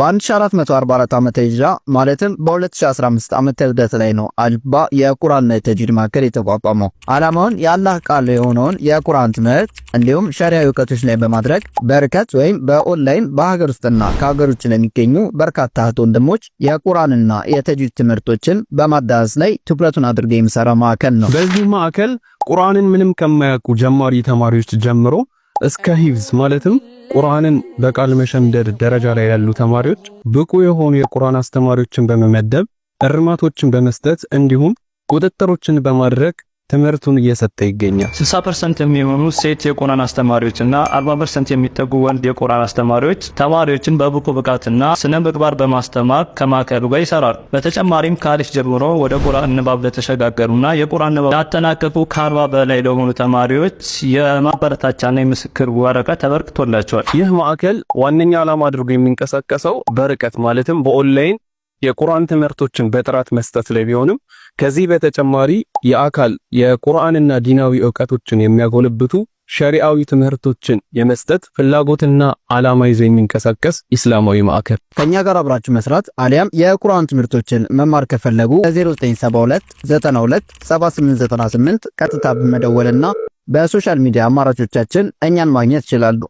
በ1444 ዓመተ ሂጅራ ማለትም በ2015 ዓመተ ልደት ላይ ነው አልባ የቁርአንና የተጅዊድ ማዕከል የተቋቋመው። ዓላማውን የአላህ ቃል የሆነውን የቁርአን ትምህርት እንዲሁም ሸሪያ እውቀቶች ላይ በማድረግ በርከት ወይም በኦንላይን በሀገር ውስጥና ከሀገር ውጭ ለሚገኙ በርካታ እህት ወንድሞች የቁርአንና የተጅዊድ ትምህርቶችን በማዳረስ ላይ ትኩረቱን አድርገ የሚሰራ ማዕከል ነው። በዚህ ማዕከል ቁርአንን ምንም ከማያውቁ ጀማሪ ተማሪዎች ጀምሮ እስከ ሂፍዝ ማለትም ቁርአንን በቃል መሸምደድ ደረጃ ላይ ያሉ ተማሪዎች ብቁ የሆኑ የቁርአን አስተማሪዎችን በመመደብ እርማቶችን በመስጠት እንዲሁም ቁጥጥሮችን በማድረግ ትምህርቱን እየሰጠ ይገኛል። 60 ፐርሰንት የሚሆኑ ሴት የቁርአን አስተማሪዎች እና 40 ፐርሰንት የሚጠጉ ወንድ የቁርአን አስተማሪዎች ተማሪዎችን በብቁ ብቃትና ስነ ምግባር በማስተማር ከማዕከሉ ጋር ይሰራሉ። በተጨማሪም ከአሊፍ ጀምሮ ወደ ቁርአን ንባብ ለተሸጋገሩና የቁርአን ንባብ ያጠናቀቁ ከአርባ በላይ ለሆኑ ተማሪዎች የማበረታቻና የምስክር ወረቀት ተበርክቶላቸዋል። ይህ ማዕከል ዋነኛ ዓላማ አድርጎ የሚንቀሳቀሰው በርቀት ማለትም በኦንላይን የቁርአን ትምህርቶችን በጥራት መስጠት ላይ ቢሆንም ከዚህ በተጨማሪ የአካል የቁርአንና ዲናዊ እውቀቶችን የሚያጎለብቱ ሸሪዓዊ ትምህርቶችን የመስጠት ፍላጎትና ዓላማ ይዞ የሚንቀሳቀስ ኢስላማዊ ማዕከል። ከኛ ጋር አብራችሁ መስራት አሊያም የቁርአን ትምህርቶችን መማር ከፈለጉ በ ቀጥታ በመደወልና በሶሻል ሚዲያ አማራጮቻችን እኛን ማግኘት ይችላሉ።